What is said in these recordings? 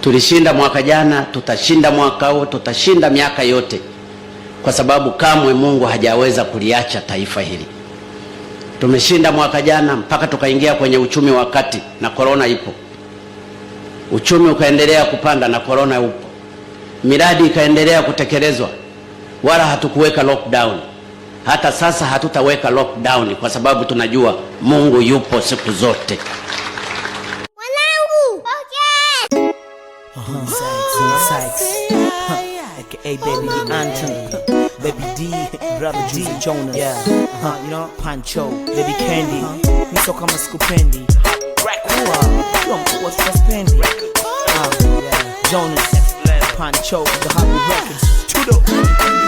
Tulishinda mwaka jana, tutashinda mwaka huu, tutashinda miaka yote, kwa sababu kamwe Mungu hajaweza kuliacha taifa hili. Tumeshinda mwaka jana mpaka tukaingia kwenye uchumi wa kati na korona ipo, uchumi ukaendelea kupanda na korona upo, miradi ikaendelea kutekelezwa, wala hatukuweka lockdown. Hata sasa hatutaweka lockdown, kwa sababu tunajua Mungu yupo siku zote. Uh-huh. Sykes, Sykes. AKA Baby oh, Anthony, Baby D, Brother G, Jonas. Yeah. Uh-huh. uh-huh, you know, Pancho, Baby Candy. Uh-huh. Miso kama sikupendi. Kuwa, kuwa mkubwa sitaspendi. Uh, uh Jonas, Pancho, The Happy Records. Tudo.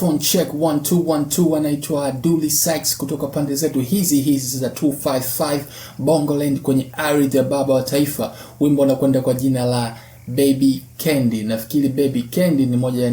phone check 1212 anaitwa Duli sax kutoka pande zetu hizi hizi za 255 Bongoland kwenye ardhi ya baba wa taifa. Wimbo unakwenda kwa jina la Baby Candy. Nafikiri Baby Candy ni moja ya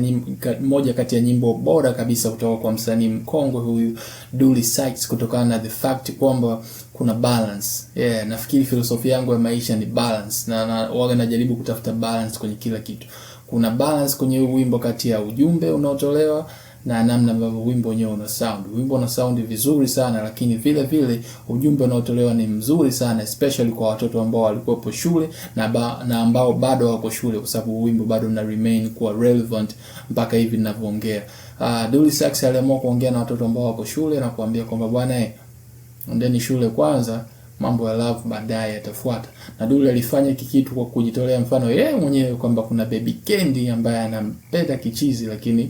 moja kati ya nyimbo bora kabisa kutoka kwa msanii mkongwe huyu duli sax kutokana na the fact kwamba kuna balance. Yeah, nafikiri filosofia yangu ya maisha ni balance na, na waga najaribu kutafuta balance kwenye kila kitu. Kuna balance kwenye wimbo kati ya ujumbe unaotolewa na namna ambavyo wimbo wenyewe una sound. Wimbo una sound vizuri sana, lakini vile vile ujumbe unaotolewa ni mzuri sana, especially kwa watoto ambao walikuwepo shule na, ba, na ambao bado wako shule, kwa sababu wimbo bado una remain kuwa relevant mpaka hivi ninavyoongea. Uh, Dully Sykes aliamua kuongea na watoto ambao wako shule na kuambia kwamba bwana, eh, ndeni shule kwanza mambo ya love baadaye yatafuata. Na Dully alifanya kikitu kwa kujitolea mfano yeye mwenyewe kwamba kuna Baby Kendi ambaye anampenda kichizi, lakini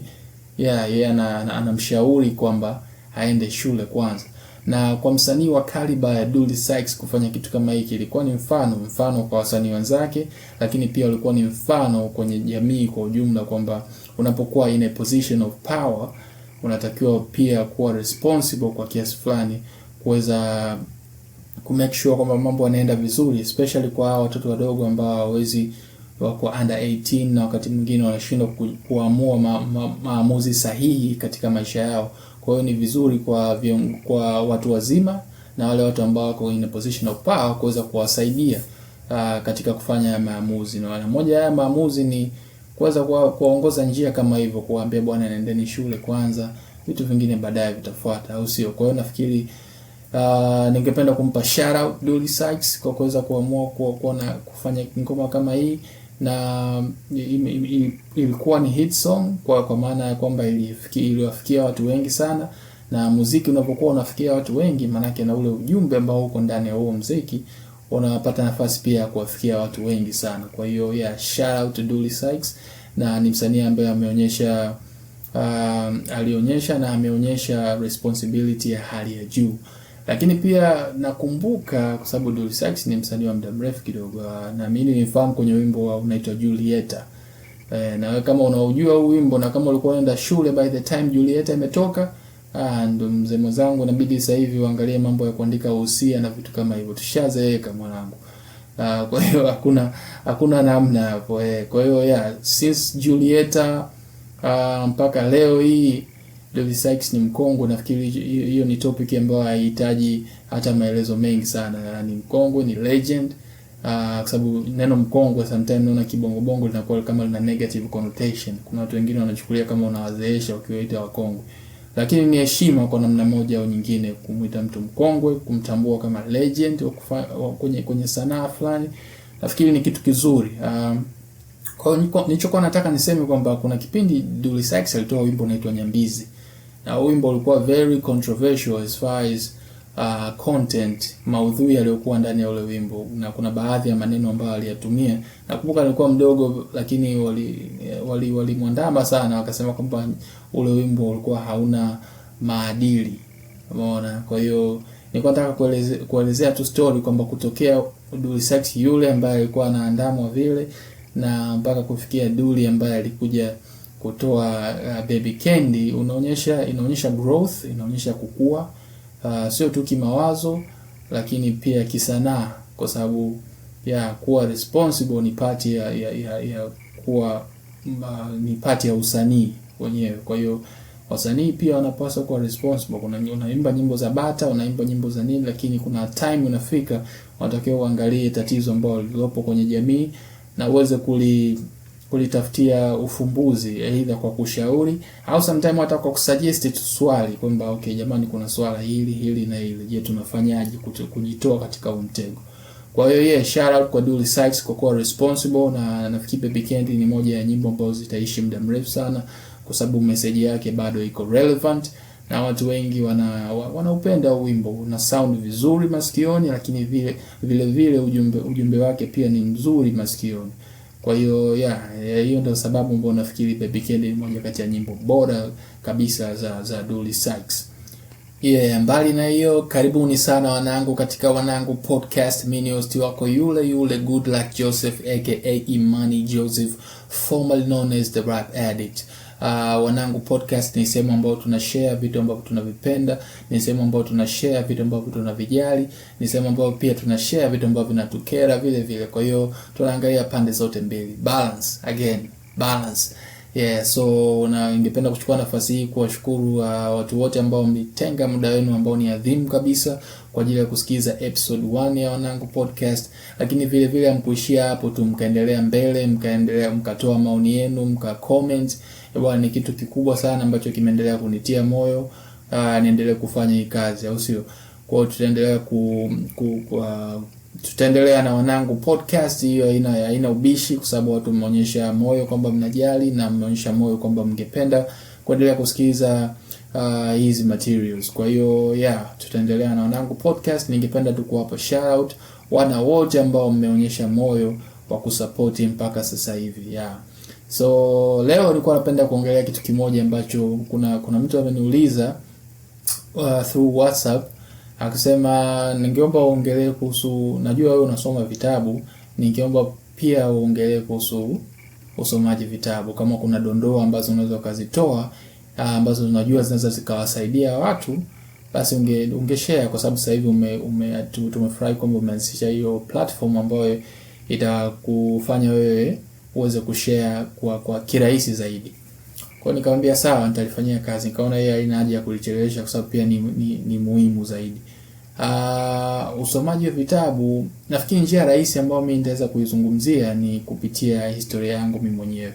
yeah, yeye yeah, anamshauri kwamba aende shule kwanza. Na kwa msanii wa kaliba ya Dully Sykes kufanya kitu kama hiki ilikuwa ni mfano mfano kwa wasanii wenzake, lakini pia ulikuwa ni mfano kwenye jamii kwa ujumla kwamba unapokuwa in a position of power unatakiwa pia kuwa responsible kwa kiasi fulani kuweza kumake sure kwamba mambo yanaenda vizuri, especially kwa hao watoto wadogo ambao hawawezi wako under 18 na wakati mwingine wanashindwa kuamua ma, ma, maamuzi sahihi katika maisha yao. Kwa hiyo ni vizuri kwa vion, kwa watu wazima na wale watu ambao wako in a position of power kuweza kuwasaidia uh, katika kufanya maamuzi, na moja ya maamuzi ni kuweza kuwaongoza njia kama hivyo, kuwaambia bwana, nendeni shule kwanza, vitu vingine baadaye vitafuata, au sio? Kwa hiyo nafikiri Uh, ningependa kumpa shout out Dolly Sykes kwa kuweza kuamua kuona kufanya ngoma kama hii na ilikuwa ni hit song kwa kwa maana ya kwamba iliwafikia watu wengi sana, na muziki unapokuwa unafikia watu wengi, maanake na ule ujumbe ambao uko ndani ya huo muziki unapata nafasi pia ya kuwafikia watu wengi sana. Kwa hiyo yeah, shout out to Dully Sykes, na ni msanii ambaye ameonyesha um, alionyesha na ameonyesha responsibility ya hali ya juu. Lakini pia nakumbuka kwa sababu Dully Sykes ni msanii wa muda mrefu kidogo, ah, na mimi nilimfahamu kwenye wimbo unaitwa Julieta. E, na wewe kama unaujua huu wimbo na kama ulikuwa unaenda shule by the time Julieta imetoka, ah, ndo mzee mwenzangu, inabidi sasa hivi uangalie mambo ya kuandika wosia na vitu kama hivyo. Tushazeeka mwanangu. Ah, kwa hiyo hakuna hakuna namna hapo. Eh, kwa hiyo yeah, since Julieta ah, mpaka leo hii Levi Sykes ni mkongwe, nafikiri hiyo ni topic ambayo haihitaji hata maelezo mengi sana. Ni mkongwe, ni legend. Uh, kwa sababu neno mkongwe sometimes naona kibongo bongo linakuwa kama lina negative connotation. Kuna watu wengine wanachukulia kama unawazeesha ukiwaita wakongwe, lakini ni heshima kwa namna moja au nyingine kumwita mtu mkongwe, kumtambua kama legend wakufa, kwenye kwenye sanaa fulani, nafikiri ni kitu kizuri. Um, kwa nilichokuwa nataka niseme kwamba kuna kipindi Dully Sykes alitoa wimbo unaitwa Nyambizi uh, wimbo ulikuwa very controversial as far as uh, content, maudhui yaliyokuwa ndani ya ule wimbo, na kuna baadhi ya maneno ambayo aliyatumia. Nakumbuka alikuwa mdogo, lakini wali walimwandama wali sana, wakasema kwamba ule wimbo ulikuwa hauna maadili, umeona. Kwa hiyo nilikuwa nataka kueleze, kuelezea tu story kwamba kutokea Dulisax yule ambaye alikuwa anaandamwa vile na mpaka kufikia Duli ambaye alikuja kutoa uh, Baby Candy unaonyesha inaonyesha growth, inaonyesha kukua uh, sio tu kimawazo lakini pia kisanaa, kwa sababu ya kuwa responsible ni pati ya, ya, ya, ya kuwa uh, ni pati ya usanii wenyewe. Kwa hiyo wasanii pia wanapaswa kuwa responsible. Kuna unaimba nyimbo za bata, unaimba nyimbo za nini, lakini kuna time unafika, wanatakiwa uangalie tatizo ambalo lilopo kwenye jamii na uweze kuli kulitafutia ufumbuzi, aidha kwa kushauri au sometimes hata kwa kusuggest tu swali kwamba okay, jamani, kuna swala hili hili na hili, je, tunafanyaje kujitoa katika umtego Kwa hiyo yeah, shout out kwa Dully Sykes kwa kuwa responsible, na nafikiri Baby Candy ni moja ya nyimbo ambazo zitaishi muda mrefu sana, kwa sababu message yake bado iko relevant na watu wengi wana wanaupenda wimbo, una sound vizuri masikioni, lakini vile vile vile ujumbe ujumbe wake pia ni mzuri masikioni. Kwa hiyo yeah, eh, hiyo ndio sababu ambayo nafikiri Baby K ni moja kati ya nyimbo bora kabisa za za Dolly Sykes. Yeah, mbali na hiyo, karibuni sana wanangu katika Wanangu Podcast. Mimi host wako yule yule Good Luck Joseph aka Imani Joseph formerly known as the Rap Addict. Uh, Wanangu Podcast ni sehemu ambayo tuna share vitu ambavyo tunavipenda, ni sehemu ambayo tuna share vitu ambavyo tunavijali, ni sehemu ambayo pia tuna share vitu ambavyo vinatukera vile vile. Kwa hiyo tunaangalia pande zote mbili, balance again, balance Yeah, so na ningependa kuchukua nafasi hii kuwashukuru uh, watu wote ambao mlitenga muda wenu ambao ni adhimu kabisa kwa ajili ya kusikiza episode 1 ya Wanangu Podcast, lakini vile vile hamkuishia hapo tu, mkaendelea mbele, mkaendelea mkatoa maoni yenu, mka comment bwana, ni kitu kikubwa sana ambacho kimeendelea kunitia moyo uh, niendelee kufanya hii kazi, au sio? Kwa tutaendelea ku, ku, ku uh, tutaendelea na wanangu podcast hiyo, haina haina ubishi, kwa sababu watu mmeonyesha moyo kwamba mnajali na mmeonyesha moyo kwamba mngependa kuendelea kusikiliza uh, hizi uh, materials. Kwa hiyo yeah, tutaendelea na wanangu podcast. Ningependa tu kuwapa shout out wana wote ambao mmeonyesha moyo wa kusapoti mpaka sasa hivi yeah. So leo nilikuwa napenda kuongelea kitu kimoja ambacho kuna kuna mtu ameniuliza uh, through WhatsApp akasema, ningeomba uongelee kuhusu, najua wewe unasoma vitabu, ningeomba pia uongelee kuhusu usomaji vitabu, kama kuna dondoo ambazo unaweza ukazitoa uh, ambazo unajua zinaweza zikawasaidia watu basi unge, unge share kwa sababu sasa hivi ume, ume tumefurahi kwamba umeanzisha hiyo platform ambayo itakufanya wewe uweze kushare kwa, kwa kirahisi zaidi. Kwa nikamwambia sawa, nitalifanyia kazi. Nikaona yeye haina haja ya kulichelewesha kwa sababu pia ni, ni, ni muhimu zaidi. Uh, usomaji wa vitabu nafikiri njia rahisi ambayo mimi nitaweza kuizungumzia ni kupitia historia yangu mimi mwenyewe.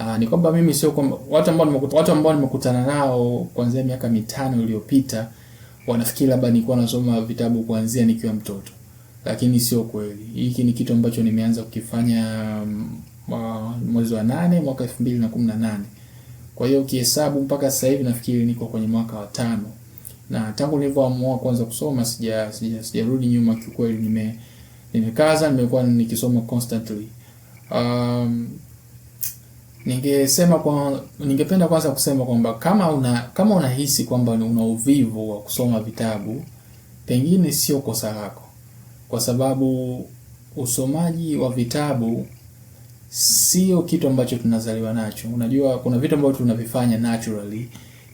Uh, ni kwamba mimi sio kwa watu ambao nimekuta watu ambao nimekutana nao kuanzia miaka mitano iliyopita wanafikiri labda nilikuwa nasoma vitabu kuanzia nikiwa mtoto, lakini sio kweli. Hiki ni kitu ambacho nimeanza kukifanya um, mwezi wa nane mwaka elfu mbili na kumi na nane. Kwa hiyo ukihesabu mpaka sasa hivi nafikiri niko kwenye mwaka wa tano, na tangu nilivyoamua kuanza kusoma sija sijarudi nyuma kiukweli, nime nimekaza nimekuwa nikisoma constantly. Um, ningesema kwa ningependa kwanza kusema kwamba kama una kama unahisi kwamba una uvivu wa kusoma vitabu, pengine sio kosa lako, kwa sababu usomaji wa vitabu sio kitu ambacho tunazaliwa nacho. Unajua kuna vitu ambavyo tunavifanya naturally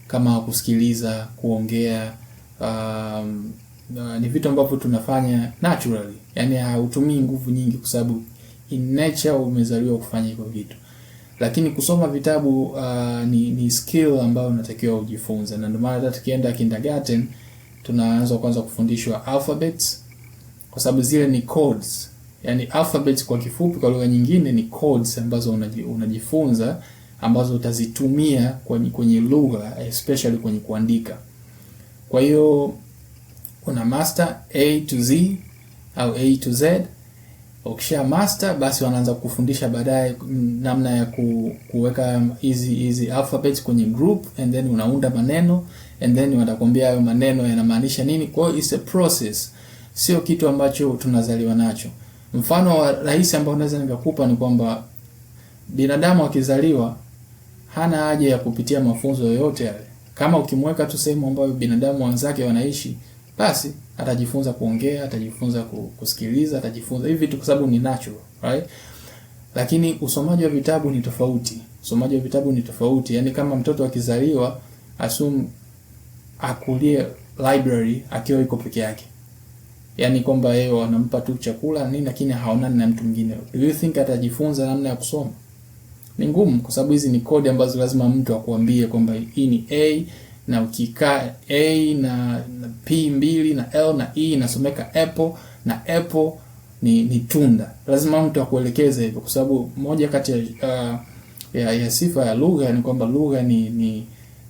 kama kusikiliza, kuongea, um, uh, ni vitu ambavyo tunafanya naturally, yani hautumii nguvu nyingi, kwa sababu in nature umezaliwa kufanya hivyo vitu. Lakini kusoma vitabu uh, ni, ni skill ambayo unatakiwa ujifunze, na ndio maana hata tukienda kindergarten tunaanza kwanza kufundishwa alphabets, kwa sababu zile ni codes yani alphabet kwa kifupi, kwa lugha nyingine ni codes ambazo unajifunza ambazo utazitumia kwenye, kwenye lugha especially kwenye kuandika. Kwa hiyo kuna master A to Z au A to Z. Ukisha master basi wanaanza kufundisha baadaye namna ya ku, kuweka hizi hizi alphabet kwenye group and then unaunda maneno and then watakwambia hayo maneno yanamaanisha nini. Kwa hiyo it's a process, sio kitu ambacho tunazaliwa nacho. Mfano wa rahisi ambao naweza nikakupa ni kwamba binadamu akizaliwa hana haja ya kupitia mafunzo yoyote yale. Kama ukimweka tu sehemu ambayo binadamu wenzake wanaishi, basi atajifunza kuongea, atajifunza kusikiliza, atajifunza hivi vitu kwa sababu ni natural, right? Lakini usomaji wa vitabu ni tofauti. Usomaji wa vitabu ni tofauti. Yaani kama mtoto akizaliwa asum akulie library akiwa iko peke yake yani kwamba yeye wanampa tu chakula nini, lakini haonani na mtu mwingine. Do you think atajifunza namna ya kusoma? Ni ngumu, kwa sababu hizi ni kodi ambazo lazima mtu akuambie kwamba hii ni a na ukikaa a na, na p mbili na l na e inasomeka apple na apple ni, ni tunda. Lazima mtu akuelekeze hivyo, kwa sababu moja kati ya, uh, ya, ya sifa ya lugha ni kwamba lugha ni ni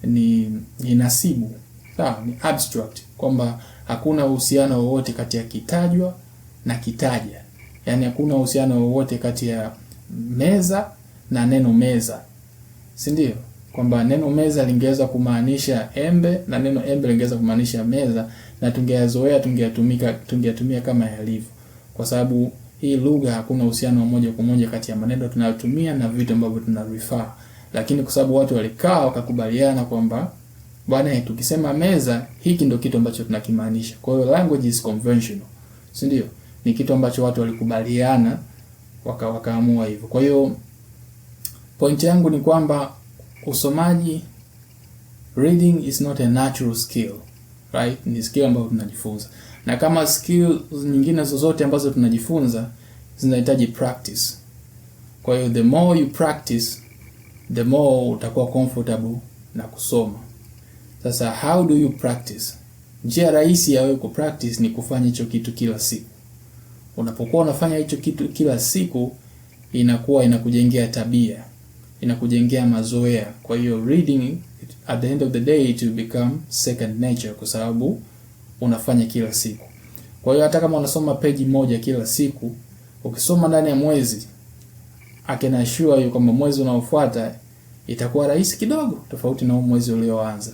ni, ni nasibu sawa, ni abstract kwamba hakuna uhusiano wowote kati ya kitajwa na kitaja, yaani hakuna uhusiano wowote kati ya meza na neno meza, si ndio? Kwamba neno meza lingeweza kumaanisha embe na neno embe lingeweza kumaanisha meza, na tungeyazoea tungeyatumika tungeyatumia kama yalivyo, kwa sababu hii lugha hakuna uhusiano wa moja kwa moja kati ya maneno tunayotumia na vitu ambavyo tunavifaa, lakini kwa sababu watu walikaa wakakubaliana kwamba Bwana, eh, tukisema meza, hiki ndio kitu ambacho tunakimaanisha. Kwa hiyo language is conventional, si ndio? Ni kitu ambacho watu walikubaliana waka wakaamua hivyo. Kwa hiyo point yangu ni kwamba usomaji, reading is not a natural skill right, ni skill ambayo tunajifunza, na kama skill nyingine zozote ambazo tunajifunza zinahitaji practice. Kwa hiyo the more you practice, the more utakuwa comfortable na kusoma. Sasa how do you practice? Njia rahisi ya wewe ku practice ni kufanya hicho kitu kila siku. Unapokuwa unafanya hicho kitu kila siku, inakuwa inakujengea tabia, inakujengea mazoea. Kwa hiyo reading at the end of the day it will become second nature, kwa sababu unafanya kila siku. Kwa hiyo hata kama unasoma peji moja kila siku, ukisoma ndani ya mwezi, I can assure you kwamba mwezi unaofuata itakuwa rahisi kidogo, tofauti na huu mwezi ulioanza.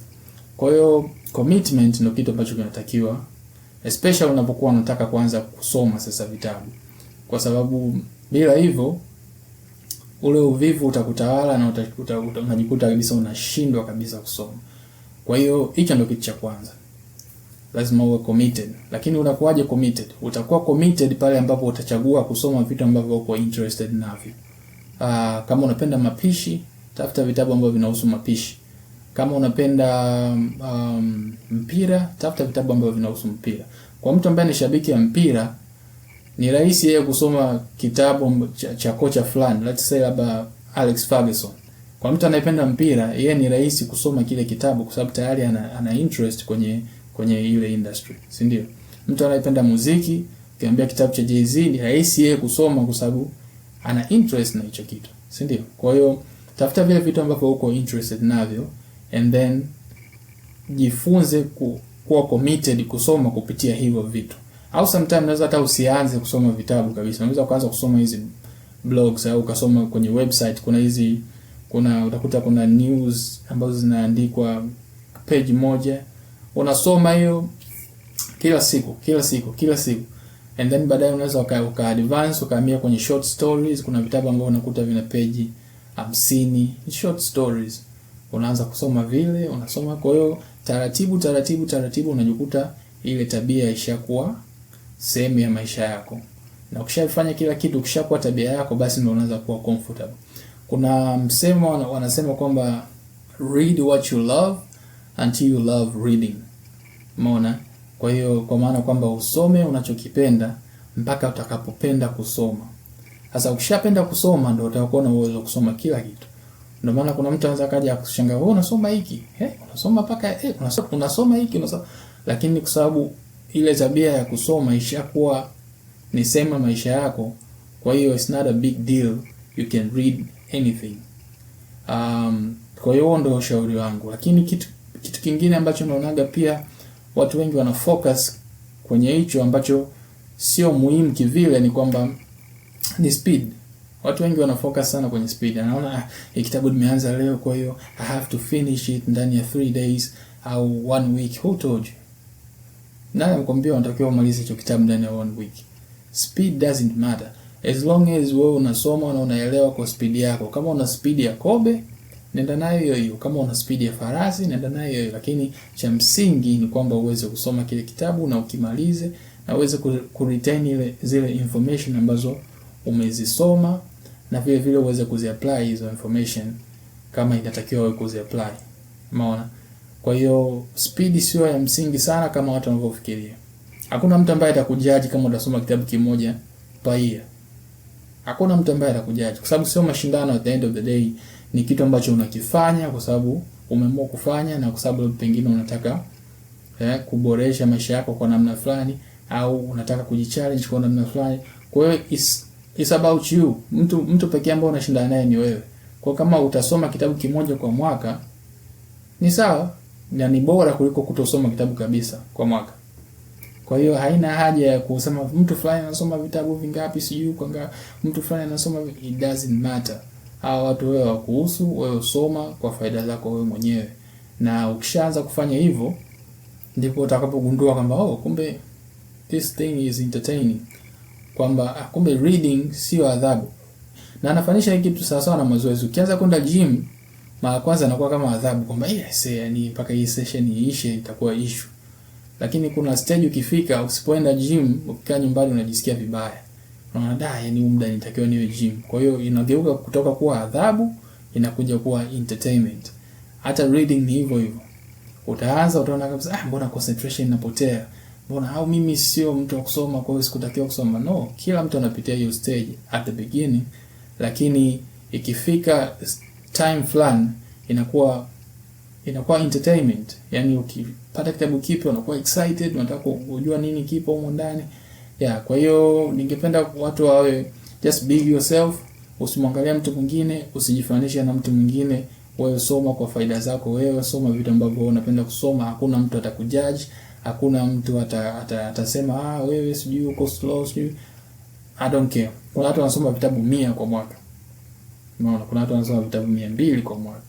Kwa hiyo commitment ndio kitu ambacho kinatakiwa especially unapokuwa unataka kuanza kusoma sasa vitabu, kwa sababu bila hivyo ule uvivu utakutawala na utakuta unajikuta kabisa unashindwa kabisa kusoma. Kwa hiyo hicho ndio kitu cha kwanza, lazima uwe committed. Lakini unakuwaje committed? Utakuwa committed pale ambapo utachagua kusoma vitu ambavyo uko interested navyo. Ah, kama unapenda mapishi, tafuta vitabu ambavyo vinahusu mapishi. Kama unapenda um, mpira, tafuta vitabu ambavyo vinahusu mpira. Kwa mtu ambaye ni shabiki ya mpira, ni rahisi yeye kusoma kitabu cha, kocha fulani, let's say labda Alex Ferguson. Kwa mtu anayependa mpira, yeye ni rahisi kusoma kile kitabu kwa sababu tayari ana, ana interest kwenye kwenye ile industry, si ndio? Mtu anayependa muziki, ukiambia kitabu cha Jay-Z ni rahisi yeye kusoma kwa sababu ana interest na hicho kitu, si ndio? Kwa hiyo tafuta vile vitu ambavyo uko interested navyo and then jifunze ku, kuwa committed kusoma kupitia hivyo vitu, au sometimes unaweza hata usianze kusoma vitabu kabisa, unaweza kuanza kusoma hizi blogs au ukasoma kwenye website. Kuna hizi kuna utakuta kuna news ambazo zinaandikwa page moja, unasoma hiyo kila siku kila siku kila siku and then baadaye unaweza uka, uka advance ukahamia kwenye short stories. Kuna vitabu ambavyo unakuta vina page hamsini short stories unaanza kusoma vile unasoma. Kwa hiyo taratibu taratibu taratibu unajikuta ile tabia ishakuwa sehemu ya maisha yako, na ukishafanya kila kitu, ukishakuwa tabia yako, basi ndio unaanza kuwa comfortable. Kuna msemo wanasema kwamba read what you love until you love reading. Umeona? Kwa hiyo kwa maana kwamba usome unachokipenda mpaka utakapopenda kusoma. Sasa ukishapenda kusoma ndio utakuwa na uwezo wa kusoma kila kitu. Ndio maana kuna mtu anaweza kaja kushanga wewe unasoma hiki eh, unasoma paka eh, unasoma unasoma hiki unasoma, lakini kwa sababu ile tabia ya kusoma ishakuwa ni sema maisha yako, kwa hiyo it's not a big deal, you can read anything. Um, kwa hiyo ndio ushauri wangu, lakini kitu kitu kingine ambacho naonaga pia watu wengi wana focus kwenye hicho ambacho sio muhimu kivile, ni kwamba ni speed Watu wengi wanafocus sana kwenye speed, anaona ah, kitabu nimeanza leo, kwa hiyo I have to finish it ndani ya 3 days au 1 week. Who told you? Nani amekwambia unatakiwa umalize hicho kitabu ndani ya 1 week? Speed doesn't matter as long as wewe unasoma na unaelewa kwa speed yako. Kama una speed ya kobe nenda nayo hiyo hiyo, kama una speed ya farasi nenda nayo hiyo, lakini cha msingi ni kwamba uweze kusoma kile kitabu na ukimalize na uweze kuretain ile zile information ambazo umezisoma na vile vile uweze kuziapply hizo information kama inatakiwa wewe kuziapply. Umeona? Kwa hiyo speed sio ya msingi sana kama watu wanavyofikiria. Hakuna mtu ambaye atakujaji kama utasoma kitabu kimoja per year. Hakuna mtu ambaye atakujaji kwa sababu sio mashindano, at the end of the day ni kitu ambacho unakifanya kwa sababu umeamua kufanya na kwa sababu pengine unataka eh, kuboresha maisha yako kwa namna fulani au unataka kujichallenge kwa namna fulani. Kwa hiyo It's about you. Mtu mtu pekee ambaye unashinda naye ni wewe. Kwa kama utasoma kitabu kimoja kwa mwaka ni sawa na ni bora kuliko kutosoma kitabu kabisa kwa mwaka. Kwa hiyo haina haja ya kusema mtu fulani anasoma vitabu vingapi sijui kwa nga, mtu fulani anasoma it doesn't matter. Hawa watu wewe wakuhusu, wewe usoma kwa faida zako wewe mwenyewe. Na ukishaanza kufanya hivyo ndipo utakapogundua kwamba oh, kumbe this thing is entertaining kwamba ah, kumbe reading sio adhabu, na anafanisha hiki kitu sawa sawa na mazoezi. Ukianza kwenda gym mara kwanza anakuwa kama adhabu kwamba eh, yes, yani mpaka hii session iishe itakuwa issue, lakini kuna stage ukifika, usipoenda gym, ukikaa nyumbani unajisikia vibaya, unaona da, ah, yani muda nitakiwa niwe gym. Kwa hiyo inageuka kutoka kuwa adhabu inakuja kuwa entertainment. Hata reading ni hivyo hivyo, utaanza utaona kabisa, ah, mbona concentration inapotea mbona au mimi sio mtu wa kusoma, kwa hiyo sikutakiwa kusoma. No, kila mtu anapitia hiyo stage at the beginning, lakini ikifika time fulani inakuwa inakuwa entertainment. Yani ukipata kitabu kipya unakuwa excited, unataka kujua nini kipo humo ndani ya yeah. Kwa hiyo ningependa watu wawe just be yourself, usimwangalia mtu mwingine, usijifananishe na mtu mwingine. Wewe soma kwa faida zako wewe, soma vitu ambavyo unapenda kusoma, hakuna mtu atakujudge hakuna mtu atasema ata, ata ah, wewe sijui uko slow sijui I don't care. Kuna watu wanasoma vitabu mia kwa mwaka. Unaona, kuna watu wanasoma vitabu mia mbili kwa mwaka.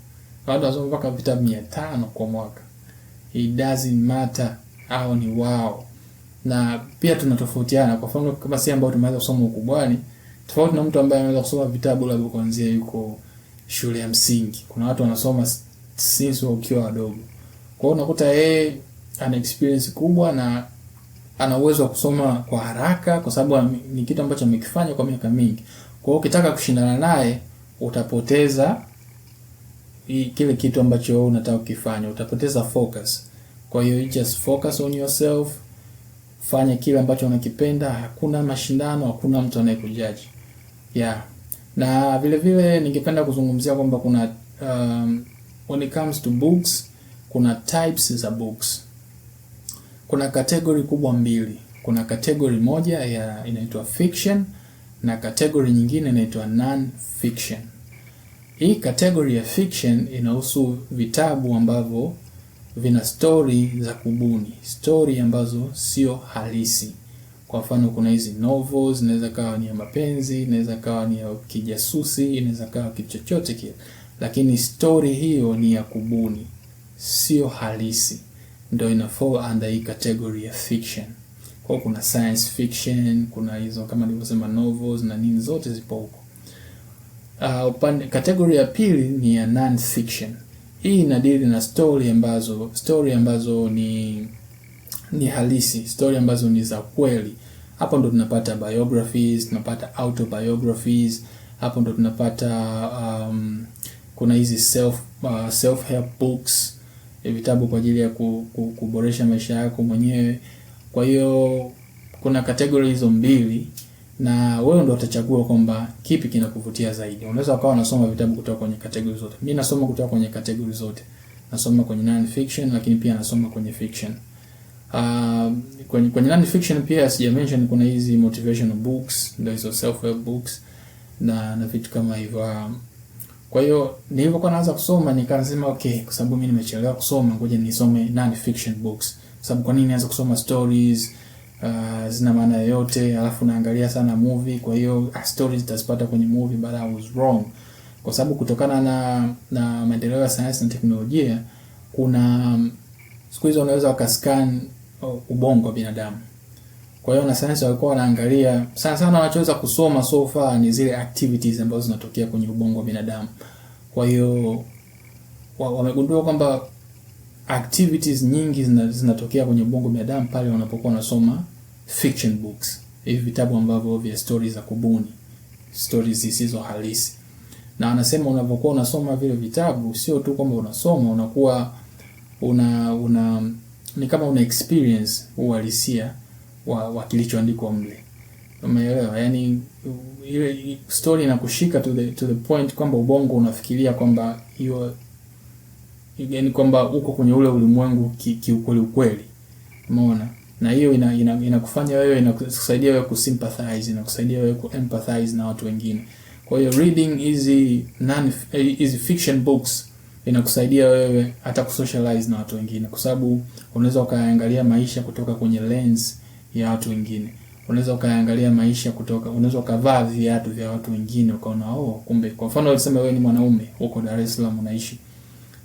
Kuna watu wanasoma mpaka vitabu mia tano kwa mwaka. It doesn't matter. au ni wao. Na pia tunatofautiana. Kwa mfano kama si ambao tumeweza kusoma ukubwani, tofauti na mtu ambaye anaweza kusoma vitabu labda kuanzia yuko shule ya msingi. Kuna watu wanasoma since wakiwa wadogo. Kwa hiyo unakuta yeye ana experience kubwa na ana uwezo wa kusoma kwa haraka, kwa sababu ni kitu ambacho amekifanya kwa miaka mingi. Kwa hiyo ukitaka kushindana naye utapoteza kile kitu ambacho wewe unataka kukifanya, utapoteza focus. Kwa hiyo just focus on yourself, fanya kile ambacho unakipenda. Hakuna mashindano, hakuna mtu anayekujaji. Yeah, na vile vile ningependa kuzungumzia kwamba kuna um, when it comes to books, kuna types za books kuna kategori kubwa mbili. Kuna kategori moja ya inaitwa fiction na kategori nyingine inaitwa non fiction. Hii kategori ya fiction inahusu vitabu ambavyo vina stori za kubuni, stori ambazo sio halisi. Kwa mfano, kuna hizi novels, inaweza kawa ni ya mapenzi, inaweza kawa ni ya kijasusi, inaweza kawa kitu chochote kile, lakini stori hiyo ni ya kubuni, sio halisi ndio inafall under hii category ya fiction. Kwa kuna science fiction, kuna hizo kama nilivyosema novels na nini zote zipo huko. Uh, upande category ya pili ni ya non fiction. Hii inadili na story ambazo story ambazo ni ni halisi, story ambazo ni za kweli. Hapo ndo tunapata biographies, tunapata autobiographies, hapo ndo tunapata um, kuna hizi self uh, self help books Eh, vitabu kwa ajili ya kuboresha maisha yako mwenyewe. Kwa hiyo kuna kategori hizo mbili na wewe ndio utachagua kwamba kipi kinakuvutia zaidi. Unaweza ukawa unasoma vitabu kutoka kwenye kategori zote. Mimi nasoma kutoka kwenye kategori zote. Nasoma kwenye non fiction lakini pia nasoma kwenye fiction. Uh, kwenye, kwenye non fiction pia sija mention kuna hizi motivational books, ndio hizo self help books na na vitu kama hivyo. Um, kwa hiyo nilipokuwa naanza kusoma nikasema okay, kwa sababu mimi nimechelewa kusoma, ngoja nisome non fiction books. Kwa sababu kwa nini nianza kusoma stories uh, zina maana yoyote, alafu naangalia sana movie, kwa hiyo ah, stories tazipata kwenye movie, but I was wrong. Kwa sababu kutokana na na maendeleo ya sayansi na teknolojia kuna um, siku hizo unaweza ukascan uh, ubongo wa binadamu kwa hiyo wanasayansi walikuwa wanaangalia sana sana, wanachoweza kusoma sofa ni zile activities ambazo zinatokea kwenye ubongo wa binadamu. Kwa hiyo wamegundua kwamba activities nyingi zinatokea kwenye ubongo wa binadamu pale wanapokuwa wanasoma fiction books, hivi vitabu ambavyo vya stories za kubuni, stories zisizo halisi. Na anasema unapokuwa unasoma vile vitabu, sio tu kwamba unasoma, unakuwa una una ni kama una experience uhalisia wa, wa kilichoandikwa mle. Umeelewa? yani ile story inakushika to the to the point kwamba ubongo unafikiria kwamba hiyo yani kwamba uko kwenye ule ulimwengu kiukweli ki ukweli. Umeona? Na hiyo inakufanya ina, ina wewe inakusaidia wewe kusympathize, inakusaidia wewe kuempathize na watu wengine. Kwa hiyo reading hizi non hizi fiction books inakusaidia wewe hata kusocialize na watu wengine, kwa sababu unaweza ukaangalia maisha kutoka kwenye lens ya watu wengine. Unaweza ukaangalia maisha kutoka, unaweza ukavaa viatu vya watu wengine ukaona, oh, kumbe. Kwa mfano ulisema wewe ni mwanaume huko Dar es Salaam unaishi,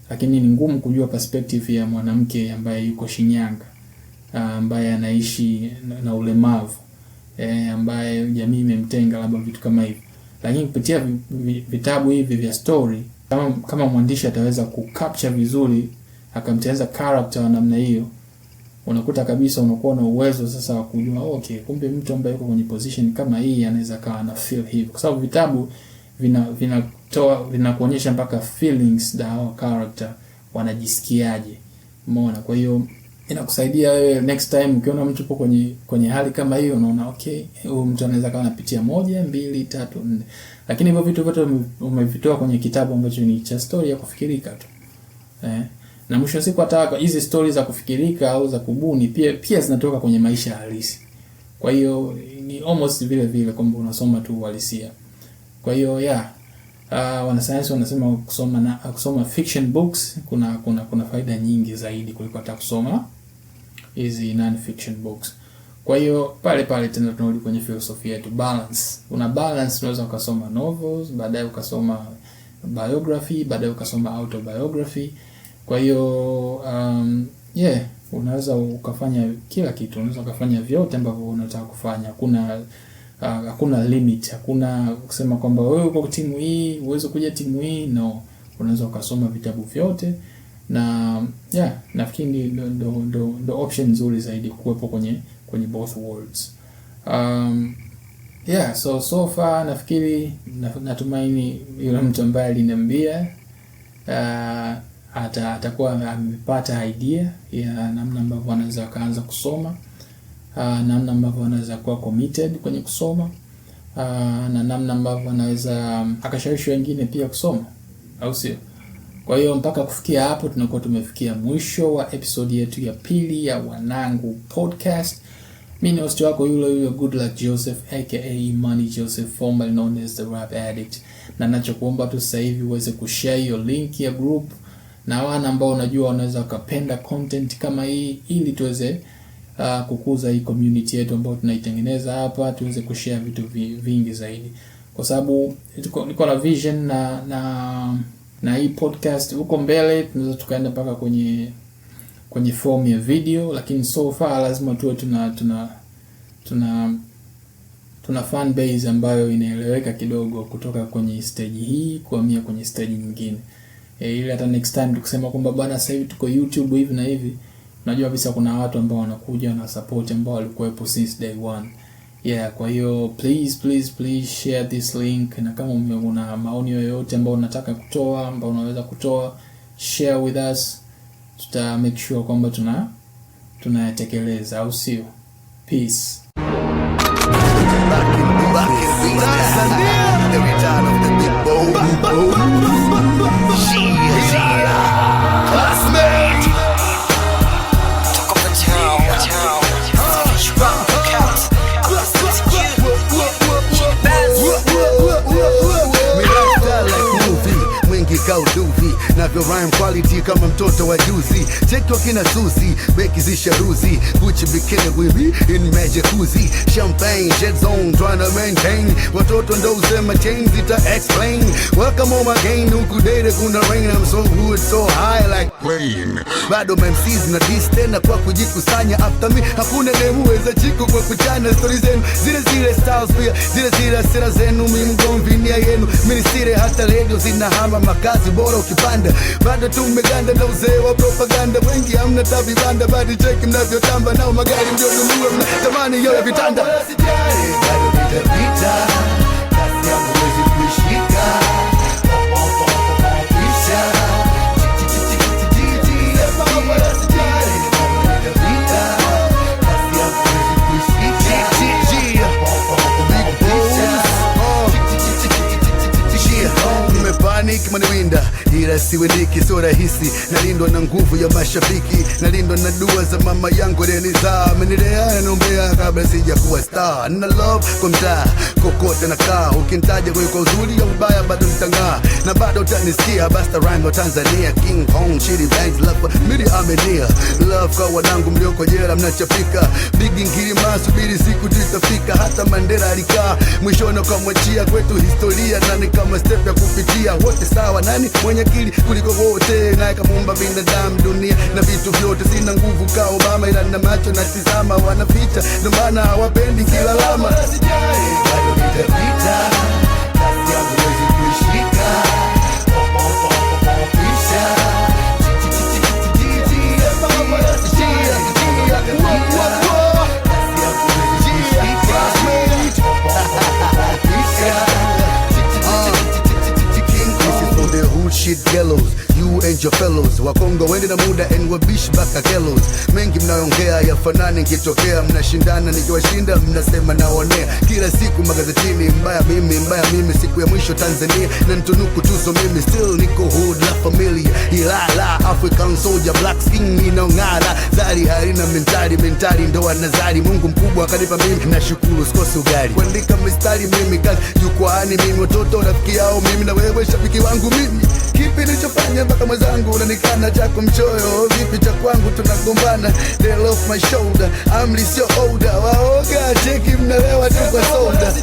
lakini ni ngumu kujua perspective ya mwanamke ambaye yuko Shinyanga, ah, ambaye anaishi na ulemavu e, ambaye jamii imemtenga, labda vitu kama hivyo. Lakini kupitia vitabu hivi vya story, kama kama mwandishi ataweza kukapcha vizuri akamtengeneza character wa namna hiyo unakuta kabisa unakuwa na uwezo sasa wa kujua okay, kumbe mtu ambaye yuko kwenye position kama hii anaweza kawa na feel hivi, kwa sababu vitabu vina vinatoa vinakuonyesha mpaka feelings da hao character wanajisikiaje, umeona. Kwa hiyo inakusaidia wewe next time ukiona mtu yupo kwenye kwenye hali kama hiyo, unaona okay, huyu mtu anaweza kawa anapitia moja, mbili, tatu, nne. Lakini hivyo vitu vyote umevitoa kwenye kitabu ambacho ni cha story ya kufikirika tu eh na mwisho siku hata hizi stori za kufikirika au za kubuni pia pia zinatoka kwenye maisha halisi. Kwa hiyo ni almost vile vile kwamba unasoma tu uhalisia. Kwa hiyo yeah, uh, wanasayansi wanasema kusoma na kusoma fiction books kuna kuna kuna faida nyingi zaidi kuliko hata kusoma hizi non fiction books. Kwa hiyo pale pale tena tunarudi kwenye filosofia yetu balance. Una balance, unaweza ukasoma novels, baadaye ukasoma biography, baadaye ukasoma autobiography kwa hiyo um, yeah, unaweza ukafanya kila kitu, unaweza ukafanya vyote ambavyo unataka kufanya. Hakuna uh, limit, hakuna kusema kwamba wewe uko timu hii uweze kuja timu hii. No, unaweza ukasoma vitabu vyote na yeah, nafikiri ndo ndo, ndo, ndo option nzuri zaidi kuwepo kwenye kwenye both worlds. Um, yeah so so far nafikiri natumaini yule mtu ambaye aliniambia uh, ata, atakuwa amepata idea ya namna ambavyo wanaweza wakaanza kusoma uh, namna ambavyo wanaweza kuwa committed kwenye kusoma uh, na namna ambavyo wanaweza mm, akashawishi wengine pia kusoma, au sio? Kwa hiyo mpaka kufikia hapo tunakuwa tumefikia mwisho wa episode yetu ya pili ya Wanangu Podcast. mi ni host wako yule yule Goodluck Joseph aka Imani Joseph formerly known as the Rap Addict, na nachokuomba tu sasa hivi uweze kushare hiyo link ya group na wana ambao unajua wanaweza wakapenda content kama hii, ili tuweze uh, kukuza hii community yetu ambayo tunaitengeneza hapa, tuweze kushare vitu vingi zaidi, kwa sababu niko na vision na na na hii podcast huko mbele tunaweza tukaenda mpaka kwenye kwenye form ya video, lakini so far lazima tuwe tuna tuna tuna tuna fan base ambayo inaeleweka kidogo, kutoka kwenye stage hii kuhamia kwenye stage nyingine. Eh, ili hata next time tukisema kwamba bwana, sasa hivi tuko YouTube hivi na hivi, najua kabisa kuna watu ambao wanakuja na support ambao walikuwepo since day one. Yeah, kwa hiyo please please please share this link, na kama una maoni yoyote ambayo unataka kutoa ambao unaweza kutoa, share with us, tuta make sure kwamba tuna tunayatekeleza, au sio? Peace. mtoto wa juzi Cheki wakina Suzi, beki zisharuzi, Gucci bikini wibi in magic jacuzzi, champagne jet zone tryna maintain, watoto ndo usema chain zita explain, welcome home again, nuku date kuna rain, I'm so good so high like plane, bado MCs na diss tena kwa kujikusanya, after me hakuna nemuweza chiku kwa kuchana story zenu zile zile styles pia zile zile asira zenu, mi mgomvi nia yenu, mi nisire hata radio zinahama makazi bora ukipanda, bado tumeganda na uzee wa propaganda wengi hamna tabibanda, bali cheki mnavyotamba, nao magari ndio dunia mnatamani yoya vitanda wala siwiliki, sio rahisi. Nalindwa na nguvu ya mashabiki, nalindwa na dua za mama yangu Renisa, amenilea naombea kabla sijakuwa star. Na love kwa mtaa kokote nakaa, ukintaja kwa yuko uzuri ya ubaya bado nitang'aa, na bado utanisikia. Basta Rhyme wa Tanzania, King Kong Chidi Banks, love mili amenia, love kwa wanangu mlioko jela, mnachapika bigi ngirima, subiri siku tutafika. Hata Mandela alikaa mwishoni kwa mwachia, kwetu historia nani kama step ya kupitia, wote sawa nani mwenye kiri akili kuliko wote, naye kamuumba binadamu dunia na vitu vyote. Sina nguvu ka Obama, ila na macho tizama, wanaficha, ndo maana hawapendi kilalama Kid Gallows, you and your fellows. Wakongo wende na muda and wabish baka gallows. Mengi mnaongea yafanani, nkitokea mnashindana, nikiwashinda mnasema naonea. Kila siku magazetini, mbaya mimi, mbaya mimi. Siku ya mwisho Tanzania na ntunuku tuzo mimi, still niko hood la familia ilala. African soldier, black skin inaong'ara, zari harina mentari, mentari ndo anazari. Mungu mkubwa akanipa mimi, nashukuru sikosi ugali, kuandika mistari mimi, kazi jukwaani mimi, watoto rafiki yao mimi, na wewe shabiki wangu mimi Kipi nilichofanya mpaka mwenzangu unanikana? Chako mchoyo vipi, cha kwangu tunagombana. They off my shoulder, amri sio older Waoga cheki mnalewa tu kwa soda